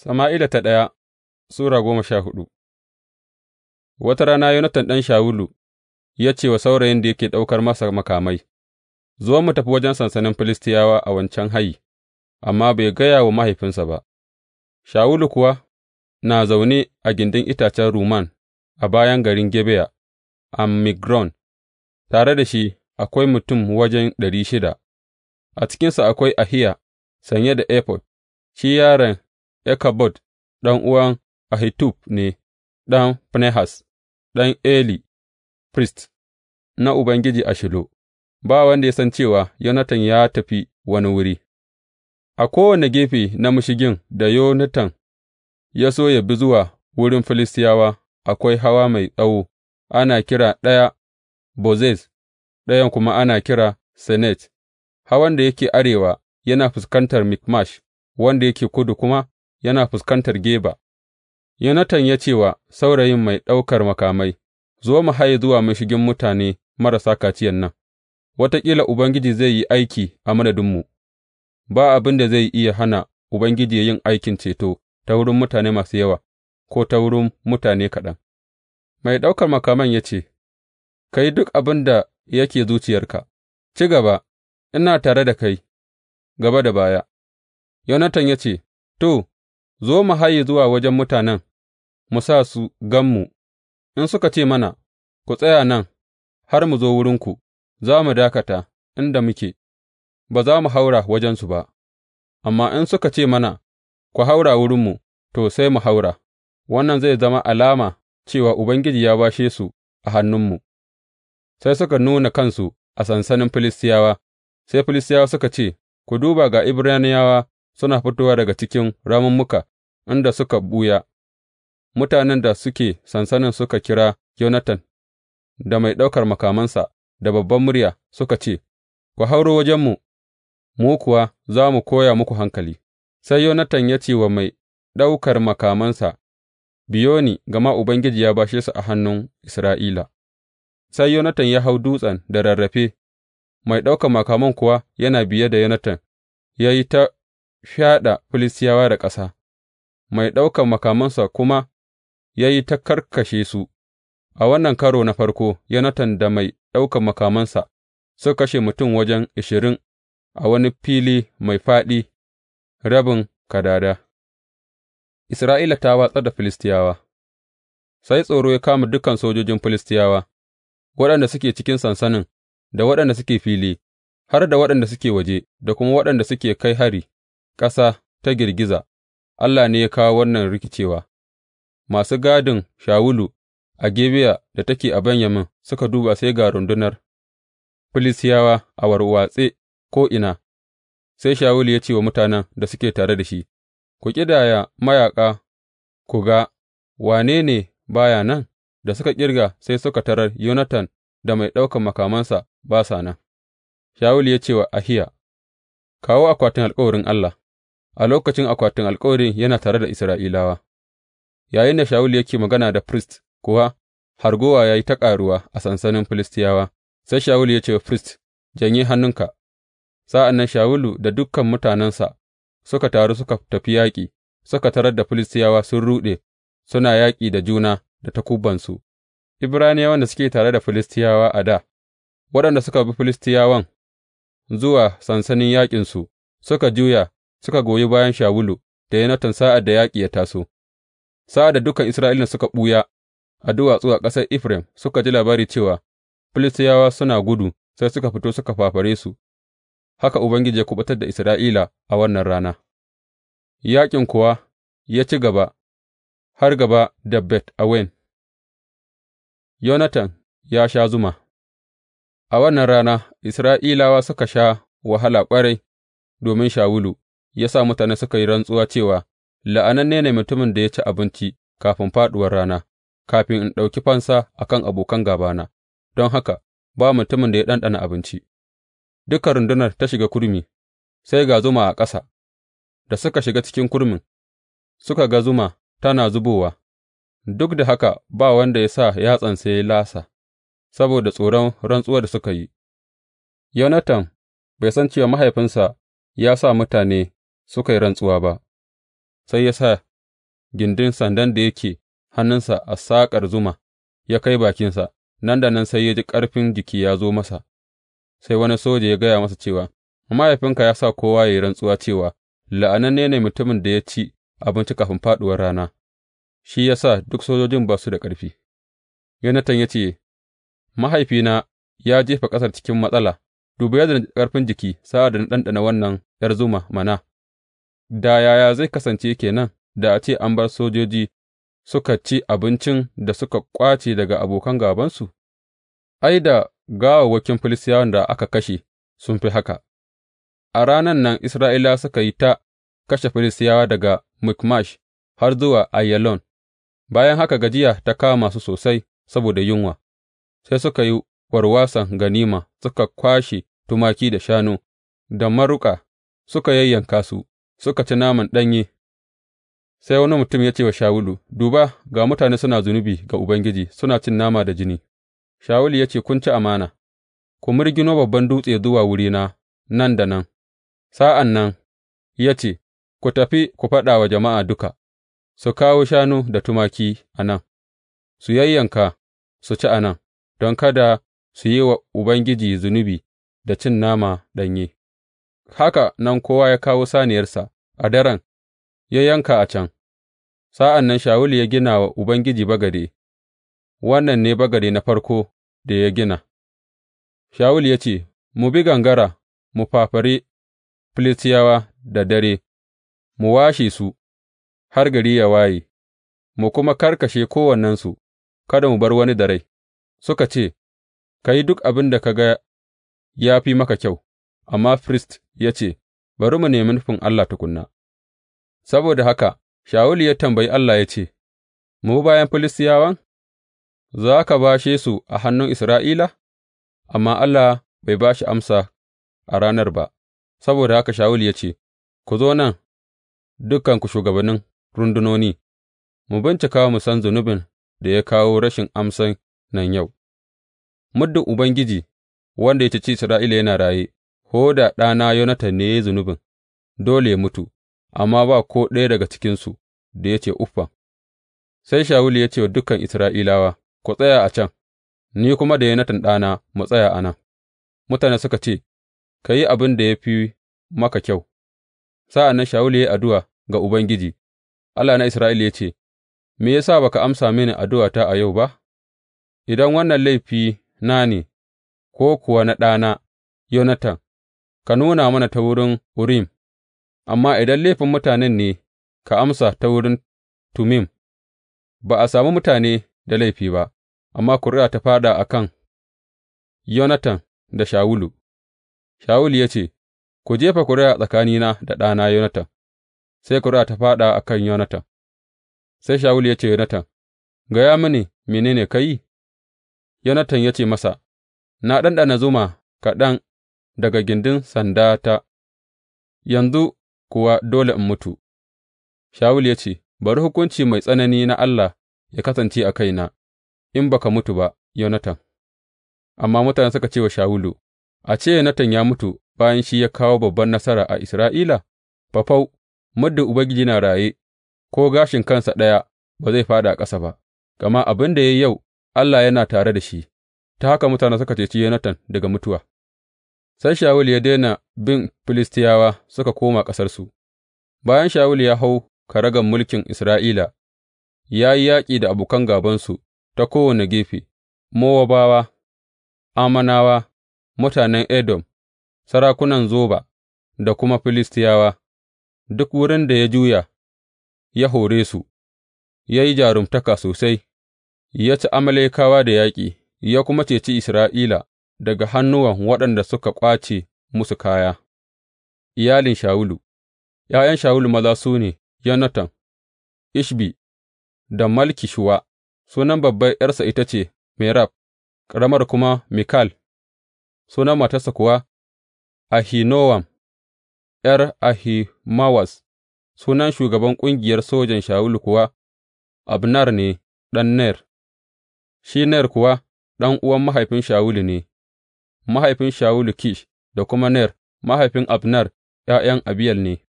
Sama'ila ta ɗaya Sura goma sha hudu Wata rana Yonatan ɗan Shawulu ya ce wa saurayin da yake ɗaukar masa makamai, Zo mu tafi wajen sansanin Filistiyawa a wancan hayi, amma bai gaya wa mahaifinsa ba, Shawulu kuwa na zaune a gindin itacen Ruman, a bayan garin Gebeya a Migron, tare da shi akwai mutum wajen ɗari shida, a cikinsa akwai Ahiya sanye da efod, shi yaren Ikabod ɗan'uwan Ahitub ne, ɗan Finehas, ɗan Eli, firist na Ubangiji a Shilo, ba wanda ya san cewa Yonatan ya tafi wani wuri A kowane gefe na mashigin da Yonatan ya so yă bi zuwa wurin Filistiyawa, akwai hawa mai tsawo, ana kira ɗaya Bozez, ɗayan kuma ana kira Senet, hawan da yake arewa yana fuskantar Mikmash, wanda yake kudu kuma. yana fuskantar Geba, Yonatan ya ce wa saurayin mai ɗaukar makamai, Zo mu haye zuwa mashigin mutane marasa kaciyan nan, wataƙila Ubangiji zai yi aiki a madadinmu, ba abin da zai iya hana Ubangiji yin aikin ceto ta wurin mutane masu yawa ko ta wurin mutane kaɗan. Mai ɗaukar makaman ya ce, Ka yi duk abin da yake zuciyarka, ci gaba, ina tare da kai, gaba da baya. Yonatan ya ce, To, Zo mu haye zuwa wajen mutanen mu sa su gan mu, in suka ce mana, Ku tsaya nan har mu zo wurinku,’ za mu dakata inda muke, ba za mu haura wajensu ba, amma in suka ce mana, Ku haura wurinmu,’ to, sai mu haura, wannan zai zama alama cewa Ubangiji ya bashe su a hannunmu. Sai suka nuna kansu a sansanin Filistiyawa, sai Filistiyawa suka ce, Ku duba, ga Ibraniyawa suna fitowa daga cikin ramummuka. inda suka ɓuya, mutanen da suke sansanin suka kira Yonatan da mai ɗaukar makamansa da babban murya suka ce, Ku hauro wajenmu, mu kuwa za mu koya muku hankali. Sai Yonatan ya ce wa mai ɗaukar makamansa, Biyo ni, gama Ubangiji ya bashe su a hannun Isra'ila. Sai Yonatan ya hau dutsen da rarrafe, mai ɗaukar makaman kuwa yana biye da Yonatan, ya yi ta fyaɗa Filistiyawa da ƙasa. mai ɗaukan makamansa kuma ya yi ta karkashe su, a wannan karo na farko, Yonatan da mai ɗaukan makamansa suka kashe mutum wajen ashirin a wani fili mai faɗi rabin kadada. Isra'ila ta watsa da Filistiyawa Sai tsoro ya kama dukan sojojin Filistiyawa, waɗanda suke cikin sansanin, da waɗanda suke fili, har da waɗanda suke waje, da kuma waɗanda suke kai hari, ƙasa ta girgiza. Allah ne ya kawo wannan rikicewa, masu gadin Shawulu a Gibeya da take a Benyamin suka duba sai ga rundunar Filistiyawa a warwatse ko'ina, sai Shawulu ya ce wa mutanen da suke tare da shi, Ku ƙidaya mayaƙa ku ga wane ne baya nan, da suka ƙirga sai suka tarar Yonatan da mai ɗaukan makamansa ba sa nan. Shawulu ya ce wa Ahiya, Kawo akwatin alkawarin Allah. A lokacin akwatin alkawarin yana tare da Isra'ilawa, Yayin da Shawulu yake magana da firist kuwa, hargowa ya yi ta ƙaruwa a sansanin Filistiyawa, sai Shawulu ya ce wa firist, Janye hannunka, sa'an nan Shawulu da dukan mutanensa suka taru suka tafi yaƙi, suka tarar da Filistiyawa sun ruɗe suna yaƙi da juna da takubansu, Ibraniyawan da suke tare da Filistiyawa a da, waɗanda suka bi Filistiyawan zuwa sansanin yaƙinsu, suka juya suka goyi bayan Shawulu da Yonatan sa'ad da yaƙi ya taso, sa'ad da dukan Isra'ila suka ɓuya a duwatsu a ƙasar Efraim suka ji labari cewa Filistiyawa suna gudu, sai suka fito suka fafare su, haka Ubangiji ya kuɓutar da Isra'ila a wannan rana. Yaƙin kuwa ya ci gaba har gaba da Bet Awen. Yonatan ya sha zuma A wannan rana Isra'ilawa suka sha wahala ƙwarai domin Shawulu, ya sa mutane suka yi rantsuwa cewa, La'ananne ne mutumin da ya ci abinci kafin fāɗuwar rana, kafin in ɗauki fansa a kan abokan gābana, don haka ba mutumin da ya ɗanɗana abinci. Dukan rundunar ta shiga kurmi, sai ga zuma a ƙasa, da suka shiga cikin kurmin, suka ga zuma tana zubowa, duk da haka ba wanda ya sa sai ya lasa, saboda tsoron rantsuwar da suka yi. Yonatan bai san cewa mahaifinsa ya sa mutane suka yi rantsuwa ba, sai ya sa gindin sandan da yake hannunsa a saƙar zuma ya kai bakinsa, nan da nan sai ya ji ƙarfin jiki ya zo masa, sai wani soja ya gaya masa cewa, Mahaifinka ya sa kowa ya yi rantsuwa cewa, La'ananne ne mutumin da ya ci abinci kafin faɗuwar rana, shi ya sa duk sojojin ba su da ƙarfi. Yonatan ya ce, Mahaifina ya jefa ƙasar cikin matsala, dubi yadda ƙarfin jiki sa'ad da na ɗanɗana wannan ’yar zuma mana. da yaya zai kasance ke nan da a ce an bar sojoji suka ci abincin da suka ƙwace daga abokan gābansu? Ai, da gawawwakin Filistiyawan da aka kashe sun fi haka, a ranan nan Isra'ila suka yi ta kashe Filistiyawa daga Mikmash har zuwa Ayalon, bayan haka gajiya ta kama su sosai saboda yunwa, sai suka yi warwasan ganima suka kwashe tumaki da shanu da maruƙa suka yayyanka su. suka ci naman ɗanye, sai wani mutum ya ce wa Shawulu, Duba, ga mutane suna zunubi ga Ubangiji suna cin nama da jini. Shawulu ya ce, Kun ci amana, ku mirgino babban dutse zuwa wurina nan da nan. Sa'an nan ya ce, Ku tafi ku faɗa wa jama'a duka, su kawo shanu da tumaki a nan, su yayyanka su ci a nan, don kada su yi wa Ubangiji zunubi da cin nama ɗanye. haka nan kowa ya kawo saniyarsa a daren ya yanka a can, sa'an nan Shawulu ya gina wa Ubangiji bagade, wannan ne bagade na farko da ya gina. Shawulu ya ce, Mu bi gangara, mu fafare Filistiyawa da dare, mu washe su har gari ya waye, mu kuma karkashe kowannensu, kada mu bar wani da rai, suka ce, Ka yi duk abin da ka ga ya fi maka kyau. amma firist ya ce, Bari mu nemi nufin Allah tukuna. Saboda haka Shawulu ya tambayi Allah ya ce, Mu bayan Filistiyawan, za ka bashe su a hannun Isra'ila? Amma Allah bai ba shi amsa a ranar ba, saboda haka Shawulu ya ce, Ku zo nan, dukanku shugabannin rundunoni, mu bincika mu san zunubin da ya kawo rashin amsan nan yau. Muddin Ubangiji, wanda ya ci Isra'ila yana raye, ko da ɗana Yonatan ne ya yi zunubin, dole yă mutu, amma ba ko ɗaya daga cikinsu da ya ce uffa. Sai Shawulu ya ce wa dukan Isra'ilawa, Ku tsaya a can, ni kuma da Yonatan ɗana mu tsaya a nan. Mutane suka ce, Ka yi abin da ya fi maka kyau. Sa'an nan Shawulu ya yi addu'a ga Ubangiji, Allah na Isra'ila ya ce, Me ya sa ba ka amsa mini addu'ata a yau ba? Idan wannan laifi na ne, ko kuwa na ɗana, Yonatan, ka nuna mana ta wurin Urim, amma idan laifin mutanen ne, ka amsa ta wurin Tumim, ba a sami mutane da laifi ba, amma ƙuri'a ta fāɗa a kan Yonatan da Shawulu. Shawulu ya ce, Ku jefa ƙuri'a tsakanina da ɗana Yonatan, sai ƙuri'a ta fāɗa a kan Yonatan. Sai Shawulu ya ce Yonatan, Gaya mini menene ne ka yi? Yonatan ya ce masa, Na ɗanɗana zuma kaɗan daga gindin sandata, yanzu kuwa dole in mutu. Shawulu ya ce, Bari hukunci mai tsanani na Allah ya kasance a kaina, in ba ka mutu ba, Yonatan. Amma mutane suka ce wa Shawulu, A ce Yonatan ya mutu bayan shi ya kawo babban nasara a Isra'ila? Fafau, muddin Ubangiji na raye, ko gashin kansa ɗaya ba zai faɗa a ƙasa ba, gama abin da ya yi yau Allah yana tare da shi, ta haka mutane suka ceci Yonatan daga mutuwa. Sai Shawulu ya daina bin Filistiyawa suka koma ƙasarsu, bayan Shawulu ya hau karagar mulkin Isra'ila, ya yi yaƙi da abokan gābansu ta kowane gefe, Mowabawa, amanawa, mutanen Edom, sarakunan Zoba da kuma Filistiyawa, duk wurin da ya juya ya hore su, ya yi jarumtaka sosai, ya ci Amalekawa da yaƙi, ya kuma ceci Isra'ila. daga hannuwan waɗanda suka ƙwace musu kaya, iyalin Shawulu ’Ya'yan Shawulu maza su ne, Yonatan, Ishbi da Malki Shuwa, sunan babbar ’yarsa ita ce Merab, ƙaramar kuma Mikal, sunan matarsa kuwa Ahinowam, ’yar Ahimawas, sunan shugaban ƙungiyar sojan Shawulu kuwa Abner ne ɗan Ner, shi Ner kuwa ɗan'uwan mahaifin Shawulu ne. mahaifin Shawulu Kish, da kuma Ner, mahaifin Abner, ’ya'yan Abiyel ne,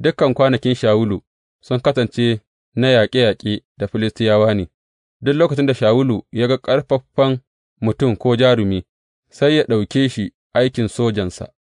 dukan kwanakin Shawulu sun kasance na yaƙe-yaƙe da Filistiyawa ne, duk lokacin da Shawulu ya ga ƙarfaffan mutum ko jarumi, sai ya ɗauke shi aikin sojansa.